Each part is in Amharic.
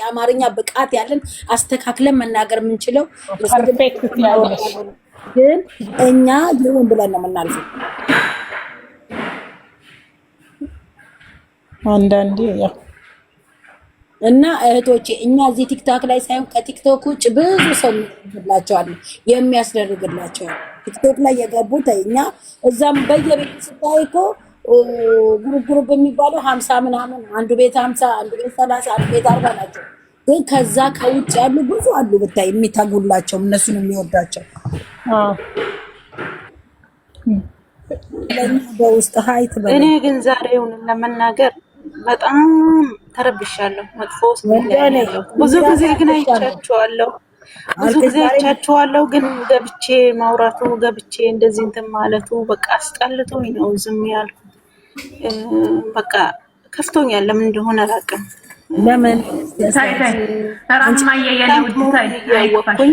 የአማርኛ ብቃት ያለን አስተካክለን መናገር የምንችለው ግን እኛ ይሁን ብለን ነው የምናልፈው። አንዳንዴ ያው እና እህቶቼ እኛ እዚህ ቲክቶክ ላይ ሳይሆን ከቲክቶክ ውጭ ብዙ ሰው የሚያደርግላቸዋል የሚያስደርግላቸዋል። ቲክቶክ ላይ የገቡት እኛ እዛም በየቤት ስታይ እኮ ግሩፕ ግሩፕ የሚባለው ሀምሳ ምናምን አንዱ ቤት ሀምሳ አንዱ ቤት ሰላሳ አንዱ ቤት አርባ ናቸው። ግን ከዛ ከውጭ ያሉ ብዙ አሉ ብታይ የሚታጉላቸው እነሱን የሚወዳቸው በውስጥ ሀይት እኔ ግን ዛሬውን ለመናገር በጣም ተረብሻለሁ። መጥፎ ብዙ ጊዜ ግን አይቻቸዋለሁ ብዙ ጊዜ አይቻቸዋለሁ። ግን ገብቼ ማውራቱ ገብቼ እንደዚህ እንትን ማለቱ በቃ አስጠልቶኝ ነው ዝም ያልኩ። በቃ ከፍቶኛል። ለምን እንደሆነ አላውቅም። ለምን እያወቅኩኝ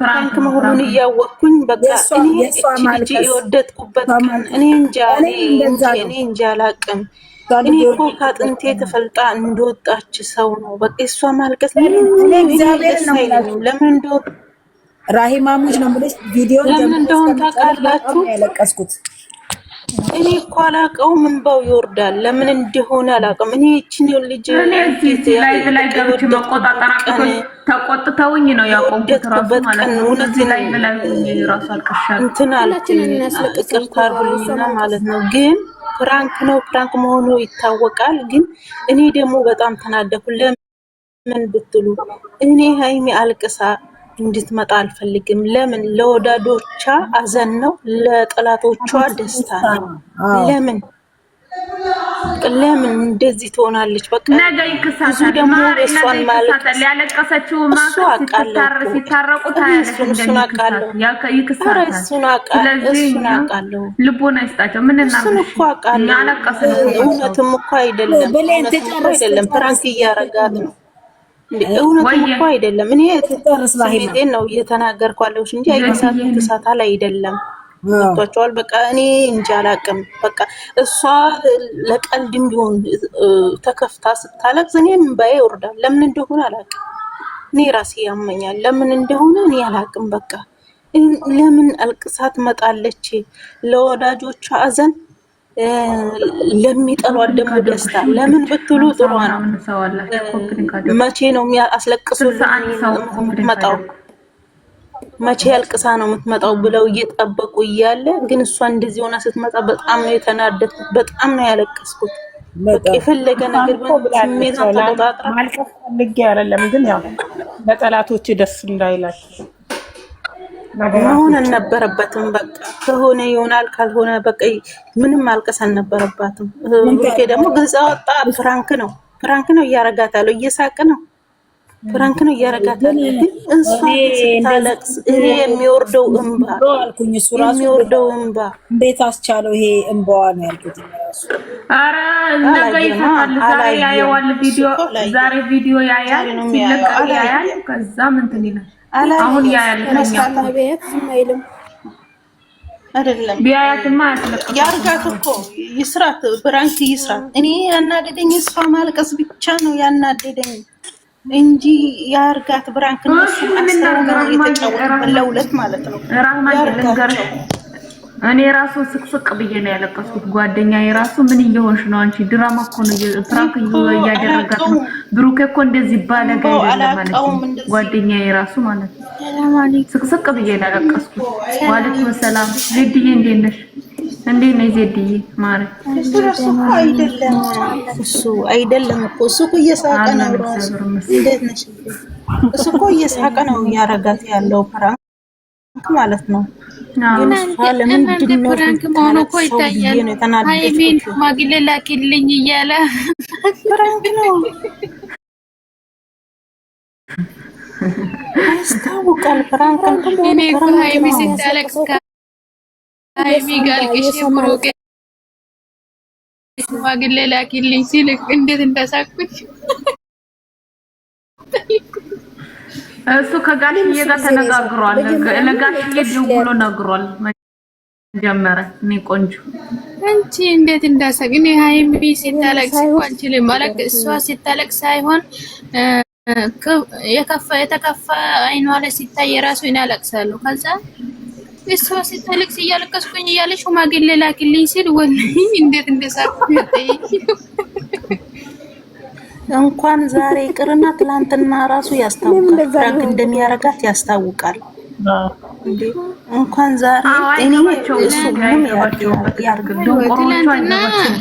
ፍራንክ መሆኑን እያወቅኩኝ በቃ እኔ የወደድኩበት እኔ እንጃ እኔ እንጃ አላውቅም። እኔ እኮ ከአጥንቴ ተፈልጣ እንደወጣች ሰው ነው። በቃ እሷ ማልቀስ ለምን ነው ቪዲዮ ለምን እንደሆነ ታውቃላችሁ ያለቀስኩት እኔ እኮ አላውቀውም፣ እንባው ይወርዳል። ለምን እንደሆነ አላውቅም። እኔ እችን ልጅ ላይ ላይ ገብቼ መቆጣጠር ተቆጥተውኝ ነው ያቆምኩት። ራሱ ማለት ነው ላይ ላይ ራሱ አልቀሻል እንትን አላችን ይቅርታ አድርጉልኝና ማለት ነው ግን ፕራንክ ነው ፕራንክ መሆኑ ይታወቃል። ግን እኔ ደግሞ በጣም ተናደኩ። ለምን ብትሉ እኔ ሀይሚ አልቅሳ እንድትመጣ አልፈልግም። ለምን? ለወዳዶቿ አዘን ነው፣ ለጠላቶቿ ደስታ ነው። ለምን ለምን እንደዚህ ትሆናለች? በቃ ብዙ ደግሞ እሷን ማለት እሱ አውቃለሁ፣ እሱን አውቃለሁ፣ እሱን አውቃለሁ፣ እሱን እኮ አውቃለሁ። እውነትም እኮ አይደለም፣ እውነትም እኮ አይደለም። ፕራንክ እያረጋት ነው እውነትም እኮ አይደለም። እኔ ስሜቴን ነው እየተናገርኩ ያለሁት እንጂ አይሳት ትሳታል አይደለም ቷቸዋል በቃ እኔ እንጂ አላቅም። በቃ እሷ ለቀልድም ቢሆን ተከፍታ ስታለቅስ እኔ እምባዬ ይወርዳል። ለምን እንደሆነ አላቅም። እኔ ራሴ ያመኛል። ለምን እንደሆነ እኔ አላቅም። በቃ ለምን አልቅሳ ትመጣለች ለወዳጆቿ አዘን ለሚጠሏት ደግሞ ደስታ። ለምን ብትሉ ጥሩ ነው። መቼ ነው የሚያስለቅሱት የምትመጣው መቼ ያልቅሳ ነው የምትመጣው ብለው እየጠበቁ እያለ ግን እሷ እንደዚህ ሆና ስትመጣ በጣም ነው የተናደድኩት። በጣም ነው ያለቀስኩት። የፈለገ ነገር ስሜት ተቆጣጥራ ማልቀስ ፈልጌ አይደለም፣ ግን ያው ለጠላቶች ደስ እንዳይላቸው መሆን አልነበረበትም። በቃ ከሆነ ይሆናል፣ ካልሆነ በቃ ምንም ማልቀስ አልነበረባትም። ሩቴ ደግሞ ግልጽ ወጣ። ፍራንክ ነው ፍራንክ ነው እያረጋታለሁ፣ እየሳቅ ነው ፍራንክ ነው እያረጋታለሁ። ግን እሷ ስታለቅስ እኔ የሚወርደው እንባ አልኩኝ፣ የሚወርደው እንባ እንዴት አስቻለው? ይሄ እንባዋ ነው ያልኩት። ኧረ ነገ ይፈታል። ዛሬ ያየዋል ቪዲዮ፣ ዛሬ ቪዲዮ ያያል፣ ሲለቀቅ ያያል። ከዛ ምንትን ይላል አሁን ያያልቤት አይደለም ቢያያትማ ያርጋት እኮ ይስራት፣ ብራንክ ይስራት። እኔ ያናደደኝ እሷ ማልቀስ ብቻ ነው ያናደደኝ እንጂ ያርጋት ብራንክ ነው። እሱ ለሁለት ማለት ነው ያርጋት እኔ ራሱ ስቅስቅ ብዬ ነው ያለቀስኩት። ጓደኛ የራሱ ምን እየሆንሽ ነው አንቺ? ድራማ እኮ ነው ፕራንክ እያደረጋት ነው። ብሩክ እኮ እንደዚህ ባለጋ ማለት ነው። ጓደኛ የራሱ ማለት ነው። ስቅስቅ ብዬ ነው ያለቀስኩት። ዋለይኩም ሰላም ዜድዬ፣ እንዴት ነሽ? እንዴት ነሽ ዜድዬ? ማረ እሱ አይደለም እኮ እሱ እኮ እየሳቀ ነው። እንዴት ነሽ? እሱ እኮ እየሳቀ ነው እያረጋት ያለው ፕራንክ ማለት ነው። ለምንድንነውራንክ ሽማግሌ ላኪልኝ እያለ ያስታውቃል። እኔ እኮ ሀይሚ ስታለቅስ ሀይሚ ጋር አልቅሼ ሽማግሌ ላኪልኝ ሲል እንዴት እንዳሳኩኝ እሱ ከጋሽዬ ጋር ተነጋግሯል። ለጋሽዬ ደውሎ ነግሯል። ጀመረ እኔ ቆንጆ አንቺ እንዴት እንዳሰግ እኔ ሀይሚ ስታለቅስ ማለቅ እሷ ሲታለቅ ሳይሆን የከፋ የተከፋ አይኗ ላይ ሲታይ የራሱ ይናለቅሳሉ። ከዛ እሷ ስታለቅስ እያለቀስኩኝ እያለ ሽማግሌ ላክልኝ ሲል ወላሂ እንዴት እንደሳቁ እንኳን ዛሬ ቅርና ትላንትና ራሱ ያስታውቃል። ራክ እንደሚያረጋት ያስታውቃል። እንኳን ዛሬ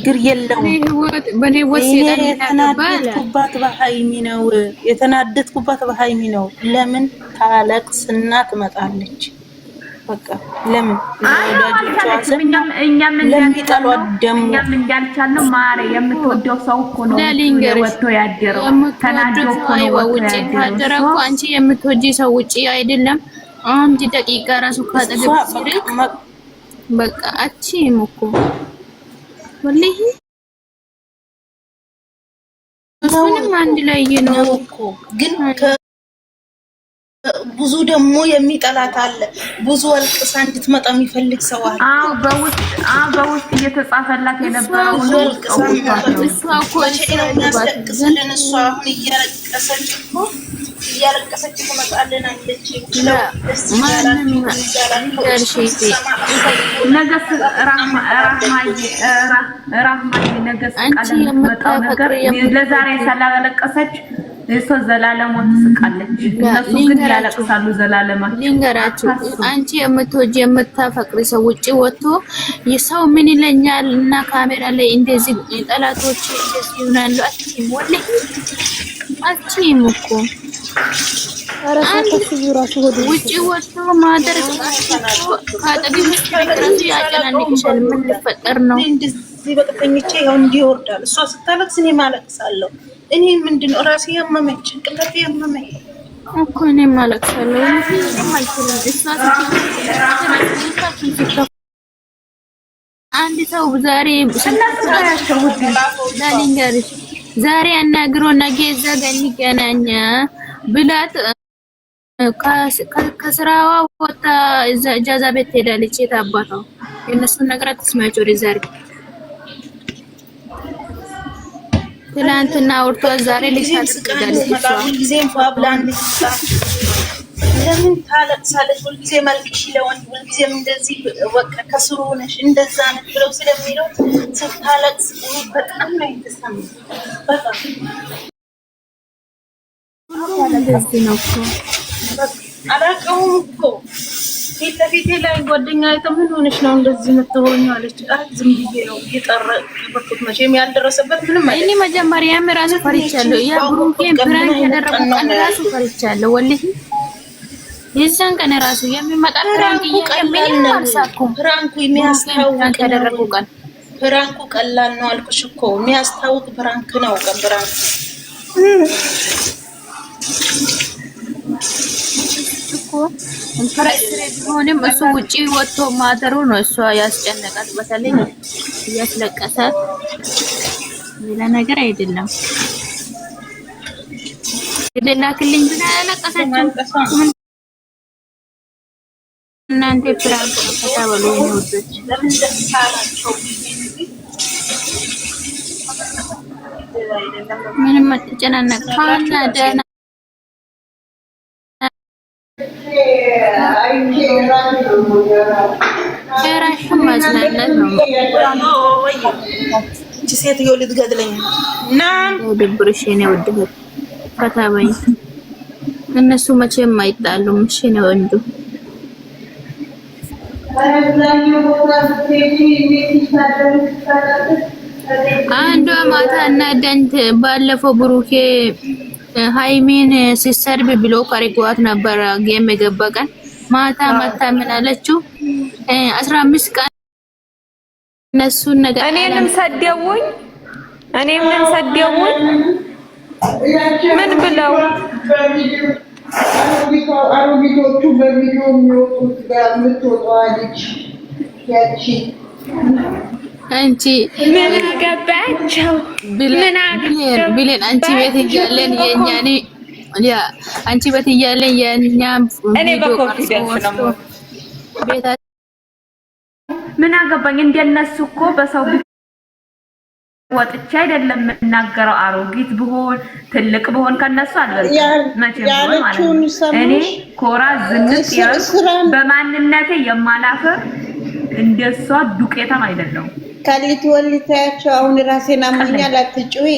ችግር የለውም። የተናደድኩባት በሀይሚ ነው የተናደድኩባት በሀይሚ ነው። ለምን ታለቅስና ትመጣለች? በቃ ለምን ለሚጠሏት ደግሞ እንዳልቻለው ማረ የምትወደው ሰው እኮ ነው ወጥቶ ያደረው። ውጭ ካደረ እኮ አንቺ የምትወጂ ሰው ውጭ አይደለም። አንድ ደቂቃ ራሱ ካጠገብ ሲርቅ በቃ አቺ እኮ ወላሂ እሱንም አንድ ላይ ነው እኮ ግን ብዙ ደግሞ የሚጠላት አለ። ብዙ አልቅሳ እንድትመጣ የሚፈልግ ሰው አለ። አዎ በውስጥ በውስጥ እየተጻፈላት የነበረው ነው። ነገስ ነገስ ነገር ለዛሬ ስላለቀሰች እሷ ዘላለሟን ትስቃለች። እነሱ ግን ያለቅሳሉ ዘላለማቸው። ሊንገራችሁ አንቺ የምትወጂ የምታፈቅሪ ሰው ውጪ ወጥቶ የሰው ምን ይለኛል እና ካሜራ ላይ እንደዚህ ጠላቶች እንደዚህ ይሆናሉ አትይም፣ ወላሂ አትይም እኮ ውጪ ወጥቶ ማደር ከአጠገብ ያጨናንቅሻል። ምን ልፈጠር ነው? እንደዚህ በቀጠኝቼ ያው እንዲህ ይወርዳል። እሷ ስታለቅስ እኔ ማለቅሳለሁ እኔ ምንድነው ራሴ ያመመኝ ጭንቅላት ያመመኝ እኮ እኔ አለቅሳለሁ። አንድ ሰው ዛሬ ልንገርሽ፣ ዛሬ አናግሮ ነገ እዛ ጋ እንገናኛ ብላት ከስራዋ ወጣ እዛ እጃዛ ቤት ትሄዳለች። የት አባቷ የእነሱን ነገር አትስማቸው ዛሬ ትናንትና አውርቷ ዛሬ ጊዜም ለምን ታለቅሳለች? ሁልጊዜ መልክሽ ለወንድ ሁልጊዜም እንደዚህ በቃ ከስሩ ነሽ እንደዛ ነሽ ብለው ስለሚለው ስታለቅስ በጣም ነው የተሰማኝ። በጣም እንደዚህ ነው እኮ አላውቀውም እኮ ፊት ለፊቴ ላይ ጓደኛ አይተ ምን ሆነሽ ነው እንደዚህ የምትሆኝ? አለች። ዝም ብዬ ነው እየጠረኩት፣ መቼም ያልደረሰበት ምንም አይደለም። እኔ መጀመሪያም ራሱ ፈርቻለሁ። ያ ብሩኬ ብራን ያደረጉት ቀን ራሱ ፈርቻለሁ። ወልህ የዛን ቀን ራሱ የሚመጣ ፍራንኩ ቀላል ነው። ፍራንኩ የሚያስታውቅ ያደረጉ ቀን ፍራንኩ ቀላል ነው አልኩሽ እኮ የሚያስታውቅ ፍራንክ ነው። ቀን ፍራንኩ ቢሆንም እሱ ውጪ ወጥቶ ማደሩ ነው እሷ ያስጨነቃት። በተለይ እያስለቀሰ ሌላ ነገር አይደለም። ላክልኝ ብላ ያለቀሰችው እናንተ ፕራንክ ተታበሉ ወዶች ምንም አትጨናነቅ ካለ ደህና ራሽን ማዝናናት ነው። ሴትዮ ልትገድለኝ ድብርሽ ኔ ወድህት ፈታበኝ። እነሱ መቼም አይጣሉም። እሺ ነው እንዱ አንዷ ማታ እና ደንት ባለፈው ብሩኬ ሃይሚን ሲሰርብ ብሎ ካሪጓት ነበር ጌም የገባ ቀን ማታ ማታ ምን አለችው? አስራ አምስት ቀን እነሱን ነገር እኔንም ሰደውኝ እኔንም ሰደውኝ ምን ብለው አሮጊቶቹ በቪዲዮ የሚወጡት አንቺ ምን አገባቸው ብለን አንቺ ቤት እያለን የእኛ እኔ አንቺ በት እያለን የእኛ ምን አገባኝ። እንደነሱ እኮ በሰው ወጥቼ አይደለም የምናገረው። አሮጊት ብሆን ትልቅ ብሆን ከነሱ አልበልጥም ማለት ነው። እኔ ኮራ ዝንጥ ያ በማንነቴ የማላፍር እንደሷ ዱቄታም አይደለም። ከሊት ወሊታቸው አሁን ራሴን አሞኛል አትጩይ